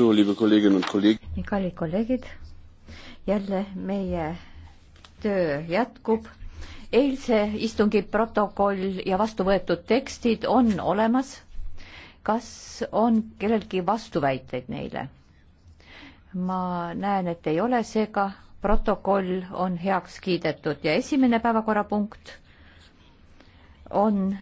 nii, kallid kolleegid, jälle meie töö jätkub. eilse istungi protokoll ja vastu võetud tekstid on olemas. kas on kellelgi vastuväiteid neile? ma näen, et ei ole, seega protokoll on heaks kiidetud ja esimene päevakorrapunkt on